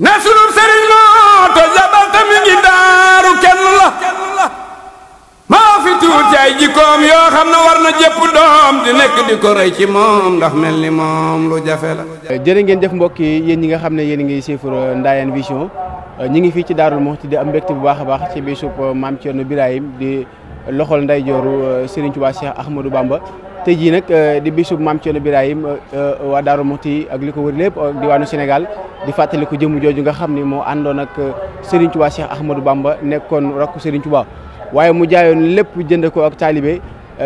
ne sunu sëriñ moo to jabal te mi ngi daaru kenn la moo fi tuuti ay jikkoom yoo xam ne war na jëpp doom di nekk di ko ci moom ndax mel ni moom lu jafe la. jërë ngeen jëf mbokk yi yéen ñi nga xam ne yéen a ngi suivre Ndayane Vision ñi ngi fii ci Darou Mouhty di am mbégte bu baax a baax ci bisub maam Thierno Birahim di loxol ndeyjooru Serigne Touba Cheikh Ahmadou Bamba. tey jii nag euh, di bisub maam Thierno Birahim euh, euh, waa Daaru ti ak li ko wër lépp ak diwaanu Sénégal di fàttaliku jëmm jooju nga xam ni moo àndoon ak Serigne Touba Cheikh Ahmadou Bamba nekkoon rakku Serigne Touba waaye mu jaayoon lépp jënd ko ak taalibe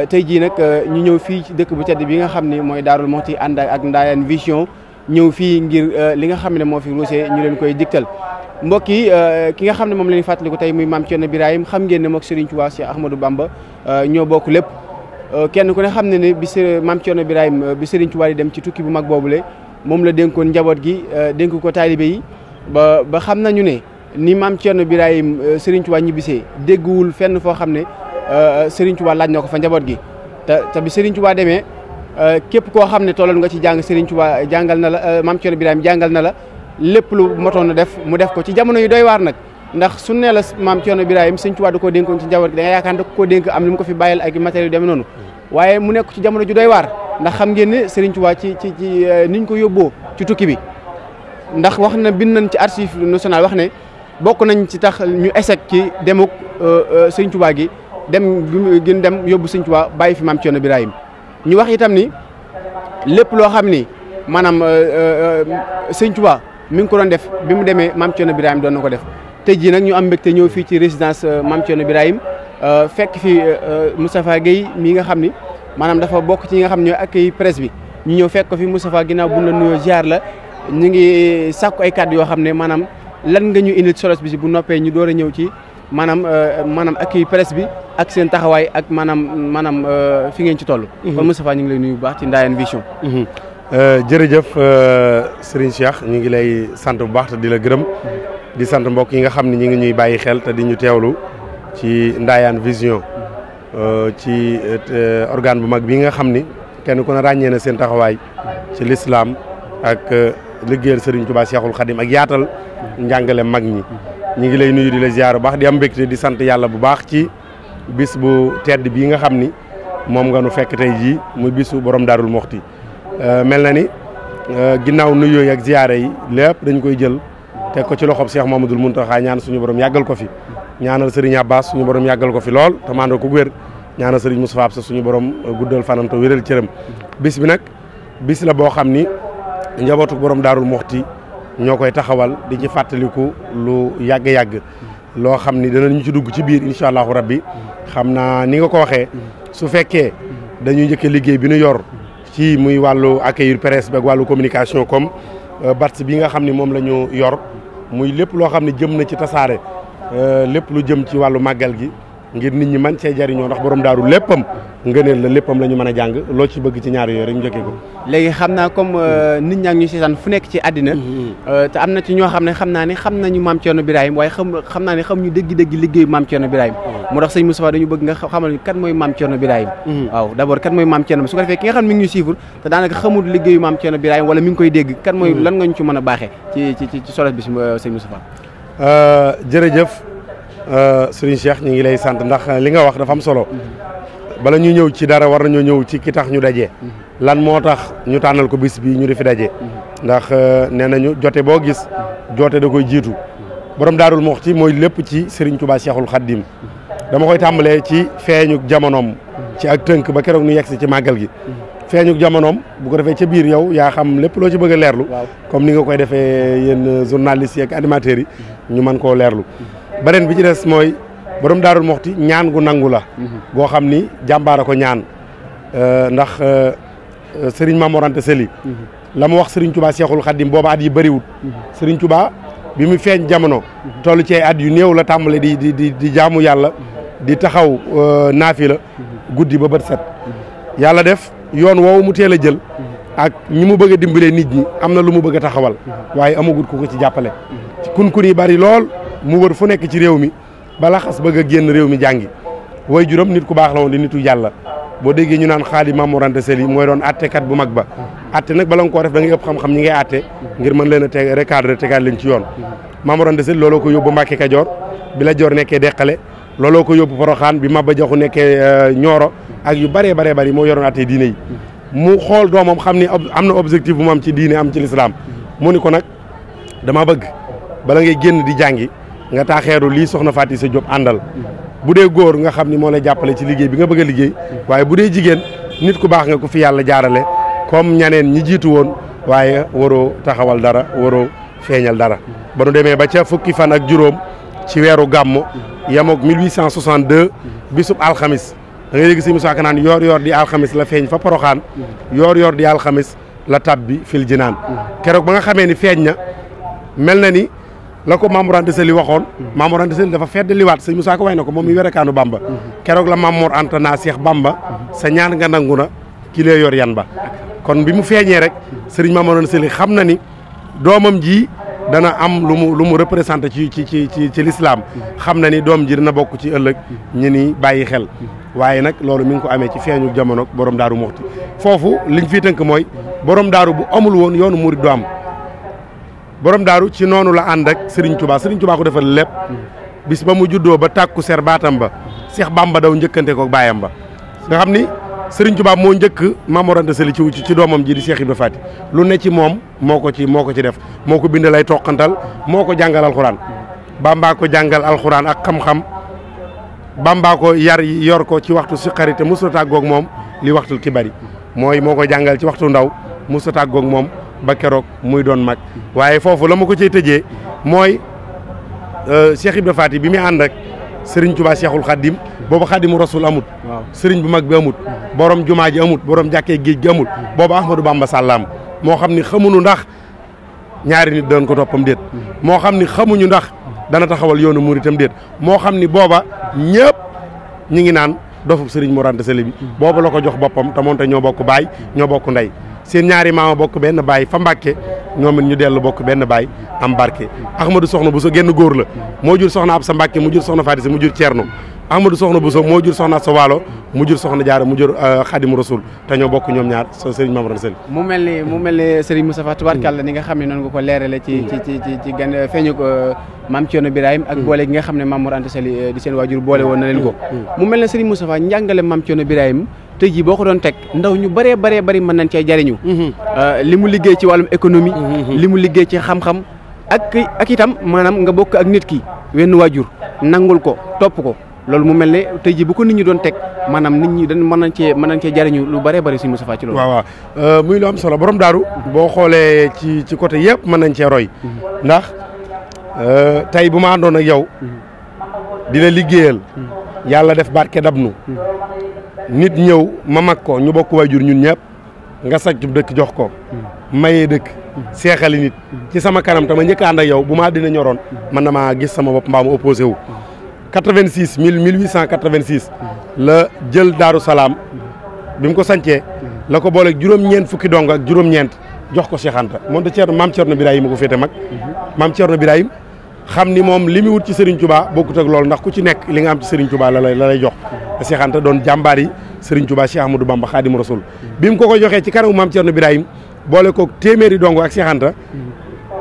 tey jii nag ñu ñëw fii ci dëkk bu tedd bi nga xam ni mooy Daaru Muxti ànd ak Ndayane Vision ñëw fii ngir li nga xam ne moo fi ruuse ñu leen koy digtal mbokk yi ki nga xam ne moom la ñu ko tey muy maam Thierno Birahim xam ngeen ne mook Serigne Touba Cheikh Ahmadou Bamba ñoo bokk lépp Euh, kenn ku ne xam ne ne bi maam Thierno Birahim euh, bi Serigne Touba dem ci tukki bu mag boobu boobule moom la dénkoon njaboot gi euh, dénk ko taalibe yi ba ba xam nañu ne ni maam Thierno Birahim Serigne Touba ñibbisee dégguwul fenn foo xam ne Serigne Touba laaj na ko fa njaboot gi te te bi Serigne Touba demee képp koo xam ne tolloon nga ci jàng Serigne Touba jàngal na la maam Thierno Birahim jàngal na la lépp lu motoon na def mu def ko ci jamono yu doy waar nag. ndax su ne la maam Cerno Birahim koo dénkoon ci njaboot gi da nga ko da koo dénk am li mu ko fi bàyyil ak matériel yu demee noonu waaye mu nekk ci jamono ju doy waar ndax xam ngeen ne Serigne ci ci ci euh, niñ ko yóbboo ci tukki bi ndax wax na bind nañ ci at archive national wax ne bokk nañ ci tax ñu échec ci demuk euh, euh, Serigne Touba gi dem gën dem yóbbu Serigne Touba bàyyi fi maam Cerno Birahim ñu wax tam ni lépp loo xam ni maanaam Serigne Touba mi ngi ko doon def bi mu demee maam Cerno Birahim doon na ko def tey jii nag ñu am mbégte ñëw fii ci résidence euh, Mame Thierno Birahim euh, fekk fi euh, Moustapha Guèye mii nga xam ni maanaam dafa bokk ci ñi nga xam ne ñooy accueil presse bi ñu ñëw fekk ko fi Moustapha ginnaaw bu la nuyoo la ñu ngi sàkku ay kàddu yoo xam ne maanaam lan nga ñu indi solos bi si bu noppee ñu door a ñëw ci maanaam maanaam accueil presse bi ak seen taxawaay ak maanaam maanaam fi ngeen ci toll. Mhm. kon Moustapha ñu ngi lay nuyu bu baax ci Ndayane Vision. Mhm. jërëjëf Serigne Cheikh ñu ngi lay sant bu baax te di la gërëm. Mhm. di sant mbokk yi nga xam ne ñi ngi ñuy bàyyi xel te di ñu teewlu ci Ndayane Vision euh, ci euh, organe bu mag bii nga xam ni kenn ku ne ràññee na seen taxawaay ci lislaam ak euh, liggéeyal Serigne Touba Cheikhul Khadim ak yaatal njàngale mag ñi ñi ngi lay nuyu di la ziar bu baax di am mbégte di sant yàlla bu baax ci bis bu tedd bii nga xam ni moom nga nu fekk tey ji muy bisu borom daarul moxti mel na ni ginnaaw nuyoo ak ziyaare yi lépp dañ koy jël teg ko ci loxoom Cheikh Mamadou Mountakha ñaan suñu borom yàggal ko fi ñaanal Serigne Abbas suñu borom yàggal ko fi lool te maandoo ko wér ñaanal Serigne Moustapha Absa suñu borom euh, guddal fanam te wéral cëram bis bi nag bis la boo xam ni njabootu borom daarul moxti ñoo koy taxawal di ci fàttaliku lu yàgg-yàgg loo xam ni danañu ci dugg ci biir incha allahu rabbi xam naa ni nga ko waxee su fekkee dañuy njëkkee liggéey bi nu yor ci muy wàllu accueil presse bi ak wàllu communication comme euh, bats bi nga xam ni moom la ñu yor muy lépp loo xam ne jëm na ci tasaare euh, lépp lu jëm ci wàllu màggal gi ngir nit ñi man cee jariñoo ndax borom daaru léppam ngëneel la léppam la ñu a jàng loo ci bëgg ci ñaar yooyu rek njëkkee ko léegi xam naa comme euh, nit ñaa ngi ñu seetaan fu nekk ci àddina mm-hmm. euh, te am na ci ñoo xam ne xam naa ne xam nañu maam Thierno Birahim waaye xam xam naa ne xam ñu dëgg-dëgg liggéeyu maam Thierno Birahim mm-hmm. moo tax bëgg nga xamal ñu kan mooy maam Thierno Birahim mm-hmm. waaw d'abord kan mooy maam Thierno su ko defee ki nga xam ne mi ngi koy dégg kan mooy lan nga ñu ci mën a baaxee ci ci ci solos bi euh, sëñ Moustapha jërëjëf Euh, Serigne Cheikh ñu ngi lay sant ndax li nga wax dafa am solo bala ñuy ñëw ci dara war nañoo ñëw ci ki tax ñu daje. lan moo tax ñu tànnal ko bis bii ñu di fi daje. ndax euh, nee nañu jote boo gis joote da koy jiitu borom daarul moxti mooy lépp ci Serigne Touba Cheikhul Khadim dama koy tàmbalee ci feeñu jamonoom. ci ak tënk ba keroog ñu yegsi ci màggal gi. feeñu jamonoom bu ko defee ca biir yow yaa xam lépp loo ci bëgg a leerlu. comme ni nga koy defee yéen journalistes yi animateurs yi. ñu mën koo leerlu. beneen bi ci des mooy borom daarul ti ñaan gu nangu la goo xam ni jàmbaara ko ñaan euh, ndax euh, euh, sëriñ Mamoor Anta Sali la mu wax sëriñ Tuubaa Seexul Xaddim booba at yi bëriwut sëriñ Tuubaa bi mu feeñ jamono toll ci at yu néew la tàmbale di di di di jaamu yàlla di taxaw naafi la guddi ba bët set yàlla def yoon woowu mu teel a jël ak ñi mu bëgg a dimbalee nit ñi am na lu mu bëgg a taxawal waaye amagut ku ko ci jàppale ci kun kun bari lool mu wër fu nekk ci réew mi bala xas bëgg a génn réew mi jàngi way juróom nit ku baax la woon di nitu yàlla boo déggee ñu naan xaali mamorante sel yi mooy doon kat bu mag ba atte nag bala nga koo def da ngay ëpp xam-xam ñi ngay atte ngir mën leen a teg recadrer tegaat leen ci yoon mamorante sel looloo ko yóbbu Mbàkke Kajoor bi la joor nekkee deqale looloo ko yóbbu Poroxaan bi ba Jaxu nekkee euh, ñooro ak yu bëree baree bari moo yoroon atte mu xool doomam xam ni am na objectif bu mu ci diine am ci lislaam mu ni ko nag dama bëgg ngay génn di jàngi nga taaxeeru lii soxna Faty Isseu Diop àndal bu dee góor nga xam ni moo lay jàppale ci liggéey bi nga bëgg a waaye bu dee jigéen nit ku baax nga ku fi yàlla jaarale kom ñaneen ñi jiitu woon waaye waroo taxawal dara waroo feeñal dara ba nu demee ba ca fukki fan ak juróom ci weeru gàmmu yamook 1862 bisub alxamis da ngay dégg si Musaa Ka naan yoor yoor di alxamis la feeñ fa poroxaan yoor yoor di alxamis la tab bi fil jinaan keroog ba nga xamee ni feeñ na mel na ni la ko Maam Mor Anta Sali waxoon Maam Mor Anta Sali dafa feddaliwaat sëñ Moussa ko way na ko moom mi werekaanu Bamba keroog la Maam Mor Anta naa Seex Bamba sa ñaan nga nangu na ki lay yor yan ba kon bi mu feeñee rek sëriñ Maam Mor Anta Sali xam na ni doomam ji dana am lu mu lu mu représenté ci ci ci ci ci lislaam xam na ni doom ji dina bokk ci ëllëg ñi ni bàyyi xel waaye nag loolu mi ngi ko amee ci feeñu jamono borom daaru Muxti foofu liñ fiy tënk mooy borom daaru bu amul woon yoonu murid du am borom daaru ci noonu la ànd ak Serigne Touba Serigne Touba ko defal lépp bis ba mu juddoo ba tàkku ser baatam ba Seex Bamba daw njëkkante ko baayam ba nga xam ni Serigne Touba moo njëkk mamorante seli ci ci doomam ji di Seex Ibra Faati lu ne ci moom moo ko ci moo ko ci def moo ko bind lay toqantal moo ko jàngal alxuraan Bamba ko jàngal alxuraan ak xam-xam Bamba ko yar yor ko ci waxtu si xarité mosul tàggoog moom li waxtul ki bari mooy moo ko jàngal ci waxtu ndaw mosul tàggoog moom ba keroog muy doon mag waaye foofu la ma ko cay tëjee mooy euh, Cheikh Ibra Faty bi muy ànd ak Serigne Touba Cheikhul Khadim boobu Khadimu Rasul amut Serigne bu mag bi amut borom jumaa ji amut borom jàkkee géej gi amut boobu Ahmadou Bamba moo xam ni xamuñu ndax ñaari nit doon ko toppam déet moo xam ni xamuñu ndax dana taxawal yoonu murit itam déet moo xam ni booba ñëpp ñi ngi naan dofub Serigne moo Anta Sali bi booba la ko jox boppam te moonte ñoo bokk baay ñoo bokk ndey seen ñaari maama bokk benn baay fa Mbàkke ñoom it ñu dellu bokk benn baay am barke Ahmadou Soxna Bousso génn góor la moo jur soxna ab sa Mbàkke mu jur soxna Faati Si mu jur Ceerno Ahmadou Soxna Bousso moo jur soxna sa Waalo mu jur soxna Jaara mu jur euh, Xaadimu Rasuul te ñoo bokk ñoom ñaar so Serigne Mamadou Sène mu mel ni mu mel ni Serigne Moustapha tubaarkàlla ni nga xam ne noonu nga ko leerale ci ci ci ci ci gan feeñu ko euh, maam Thierno Birahim ak mm. boole gi nga xam ne mam Anta Sali euh, di seen waajur woon na leen ko mm. mu mel ne Serigne Moustapha njàngale maam Thierno Birahim tey jii boo ko doon teg ndaw ñu bëree bëree bëri mën nañ cee jariñu mhm. euh, li mu liggéey ci wàllum économie mhm, mhm. li mu liggéey ci xam-xam ak ak itam maanaam nga bokk ak nit ki wenn waajur nangul ko topp ko loolu mu mel ne tey jii bu ko nit doon teg maanaam nit ñi dañ mën nañ cee mën nañ cee jariñu lu bëree bëri suñu Moustapha ci loolu waaw waaw euh, muy lu am solo borom daaru boo xoolee ci ci côté yëpp mën nañ cee roy ndax euh, tey bu ma àndoon ak yow di liggéeyal yàlla def barke dab nu nit ñëw ma mag ko ñu bokk waajur ñun ñëpp nga sàcc dëkk jox ko mayee dëkk seexali nit ci sama kanam tama njëkk ànd ak yow bu maa dina ñoroon na damaa gis sama bopp mbaa ma opposé wu 86 1886 la jël Daaru Salaam bi mu ko sancee la ko booleeg juróom-ñeent fukki dong ak juróom-ñeent jox ko seexanta Anta moom te Thierno na Thierno Birahim ma ko féete mag maam Thierno Birahim xam ni moom li mu wut ci Serigne Touba bokkut ak loolu ndax ku ci nekk li nga am ci Serigne Touba la lay la lay jox te Cheikh Anta doon jàmbaar yi Serigne Touba Cheikh Amadou Bamba Khadim Rasoul bi mu ko ko joxee ci kanamu maam Thierno Birahim boole ko téeméeri dongo ak Cheikh Anta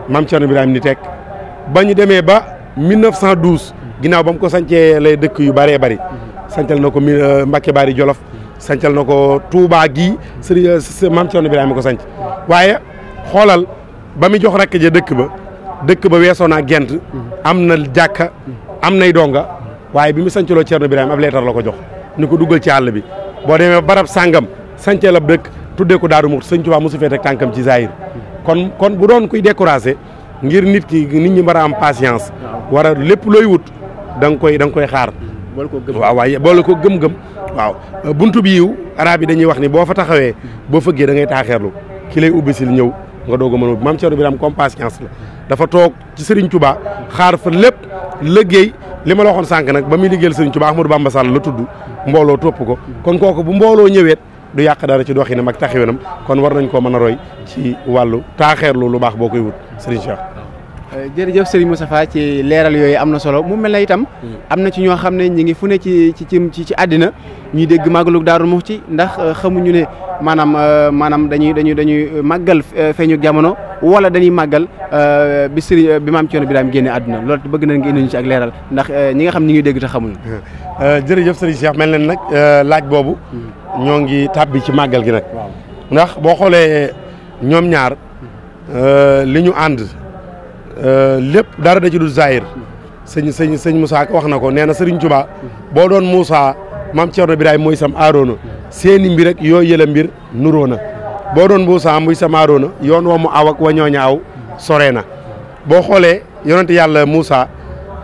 maam Thierno Birahim ni teg ba ñu demee ba 1912 ginnaaw ba mu ko sancee lay dëkk yu bëree bëri sancal na ko euh, Mbacké baari Jolof sancal na ko Touba gii Serigne euh, maam Thierno Birahim ko sanc waaye xoolal ba mu jox rakk ja dëkk ba dëkk ba weesoo naa gent am na jàkka am nay donga waaye bi mu sancaloo Ceerno Birahim ab leetar la ko jox ni ko duggal ci àll bi boo demee barab sàngam la bu dëkk tuddee ko Daaru mu sëñ Tuubaa mosu fee teg tànkam ci zahir kon kon bu doon kuy découragé ngir nit ki nit ñi war a am patience war a lépp looy wut da nga koy koy xaar waaw waaye boole ko gëm-gëm waaw buntu bi yiw arab yi dañuy wax ni boo fa taxawee boo fëggee dangay ngay taaxeerlu ki lay ubbi sil ñëw nga doog a mën a ubbi maam Ceerno Birahim dafa toog ci Serigne Touba xaar fa lépp liggéey li ma la waxoon sànq nag ba muy liggéeyal Serigne Touba Ahmadou Bamba Sall la tudd mbooloo topp ko kon kooku bu mbooloo ñëweet du yàq dara ci doxinam ak taxawinam kon war nañ koo mën a roy ci wàllu taaxeerlu lu baax boo koy wut Serigne Cheikh. jërëjëf Serigne Moustapha ci leeral yooyu am na solo mu mel na itam am na ci ñoo xam ne ñi ngi fu ne ci ci ci ci àddina ñuy dégg màggalu Daaru ci ndax euh, xamuñu ne maanaam euh, maanaam dañuy dañuy dañuy màggal euh, feeñu jamono wala dañuy màggal bi Serigne bi maam Thierno Birahim génne àddina loolu bëgg na nga indi ñu ci ak leeral ndax ñi nga xam ñi ngi dégg te xamuñu jërëjëf Serigne Cheikh mel na nag laaj boobu ñoo ngi tàbbi ci màggal gi nag ndax boo xoolee ñoom ñaar li ñu ànd Euh, lépp dara da ci du sëñ sëñ sëñ Moussa wax na ko nee na Serigne Touba boo doon Moussa maam Thierno Birahim mooy sam aaroona seeni mbir ak yoo yëla mbir nuroo na boo doon Moussa muy sam aaroona yoon wa mu aw ak wa ñooña aw sore na boo xoolee yonent yàlla Moussa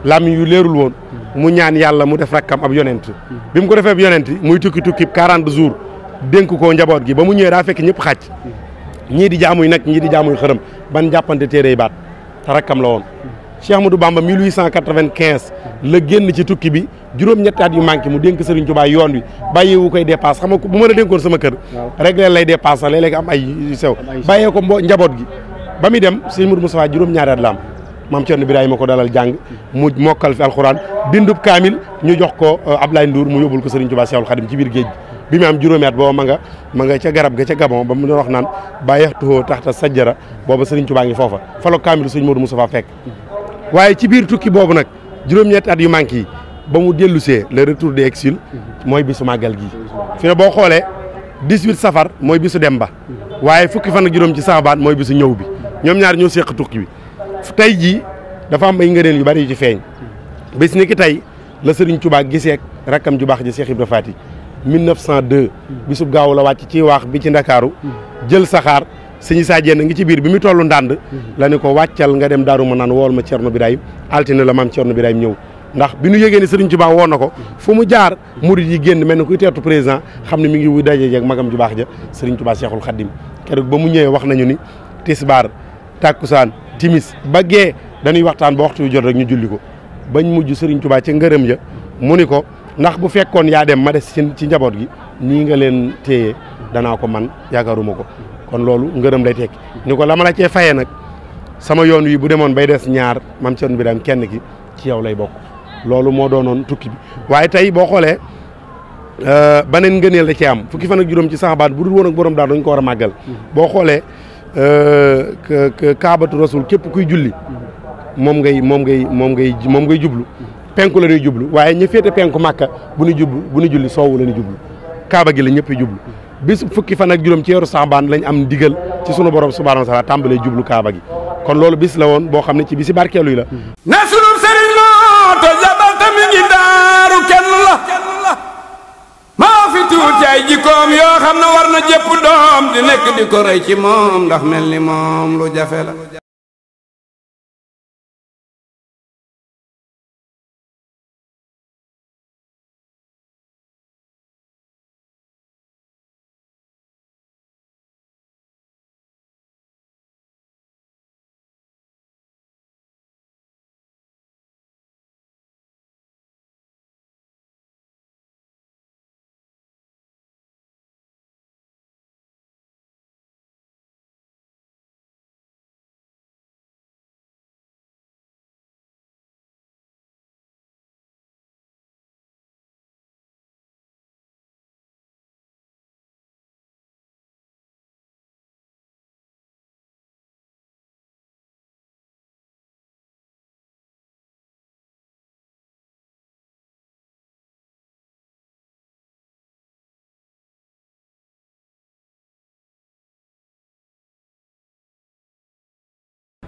làmmiñ yu leerul woon mu ñaan yàlla mu def rakkam ab yonent bi mu ko defee ab yonent muy tukki tukki 40 jours dénk ko njaboot gi ba mu ñëwee daa fekk ñëpp xàcc ñii di jaamuy nag ñii di jaamuy xërëm ban jàppante téere baat te rakkam la woon Cheikh Ahmadou Bamba 1895 la génn ci tukki bi juróom-ñetti at yu manqué mu dénk Serigne Touba yoon wi bàyyeewu koy dépasse xam nga bu mën a dénkoon sama kër rek leen lay dépasse sax léeg-léeg am ay yu sew bàyyee ko mbo njaboot gi ba muy dem Serigne mu Moustapha juróom-ñaari at la am maam Thierno Birahima ko dalal jàng mu mokkal fi alxuraan bindub kaamil ñu jox ko euh, Ablaye Ndour mu yóbbul ko Serigne Touba Cheikhoul Khadim ci biir géej gi bi mu am juróomi at booba ma nga ma ca garab ga ca gabon ba mu doon wax naan bàyyeextuhoo taxta sajjara booba sëriñ Tuubaa ngi foofa falo kaamilu sëñ Modou Moustapha fekk waaye ci biir tukki boobu nag juróom-ñetti at yu manqué ba mu dellusee le retour de exil mooy bisu màggal gi fi ne boo xoolee 18 safar mooy bisu dem ba waaye fukki fan ak juróom ci saabaan mooy bi bisu ñëw bi ñoom ñaar ñoo séq tukki bi tey jii dafa am ay ngëneel yu bari yu ci feeñ bis ni ki tey la sëriñ Tuubaa gisee ak rakkam ju baax ji Cheikh Ibra Fati 1902. su gaaw la wàcc ci waax bi ci ndakaaru jël saxaar sëñ Issa Diène ngi ci biir bi mu tollu ndànd la ne ko wàccal nga dem Daaru naan wool ma Cerno Birahim altine la maam Cerno Birahim ñëw ndax bi ñu yëgee ni Sëriñ Tuubaa woo na ko fu mu jaar murid yi génn mel ni kuy teertu président xam ne mi ngi wuy daje ak magam ju baax ja Sëriñ Tuubaa Seexul Xaddim keroog ba mu ñëwee wax nañu ni tisbaar tàkkusaan timis ba gee dañuy waxtaan ba waxtu jot rek ñu julli ko bañ mujj Sëriñ Tuubaa ci ngërëm ja mu ni ko ndax bu fekkoon yaa dem ma des ci njaboot gi nii nga leen téye danaa ko man yaakaaruma ko kon loolu ngërëm lay tekki ni ko la ma la cee fayee nag sama yoon wi bu demoon bay des ñaar mam cern bi daam kenn ki ci yow lay bokk loolu moo doonoon tukki bi waaye tey boo xoolee euh, beneen ngëneel da cee am fukki fan ak juróom ci saxabaat bu du woon ak borom daal dañ ko war a màggal boo xoolee euh, kaabatu rasul képp kuy julli moom ngay moom ngay moom ngay moom ngay jublu penku la ñuy jublu waaye ñi féete penku màkka bu ñu jublu bu ñu julli soowu la jublu kaaba gi la ñëpp jublu bis fukki fan ak juróom ci weeru saxbaan lañ am ndigal ci sunu borom subhaanahu wa taala tàmbalee jublu kaaba gi kon loolu bis la woon boo xam ne ci bisi barkeelu yi la na sunu sëriñ moo te zabalta mi ngi daaru kenn la maa fi tuuti ay yoo xam ne war na jëpp doom di nekk di ko ci moom ndax mel ni moom lu jafe la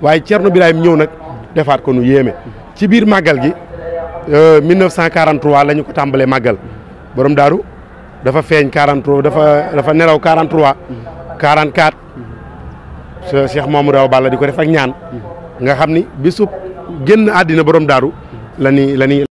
waaye Thierno Birahim ñëw nag defaat konu yéeme ci biir màggal gi 1943 euh, la ñu ko tàmbalee màggal borom daaru dafa feeñ 43 dafa dafa nelaw 43 44 Cheikh Mamadou Awa Balla di ko def ak ñaan nga xam ni bisub génn àddina borom daaru la ni la ni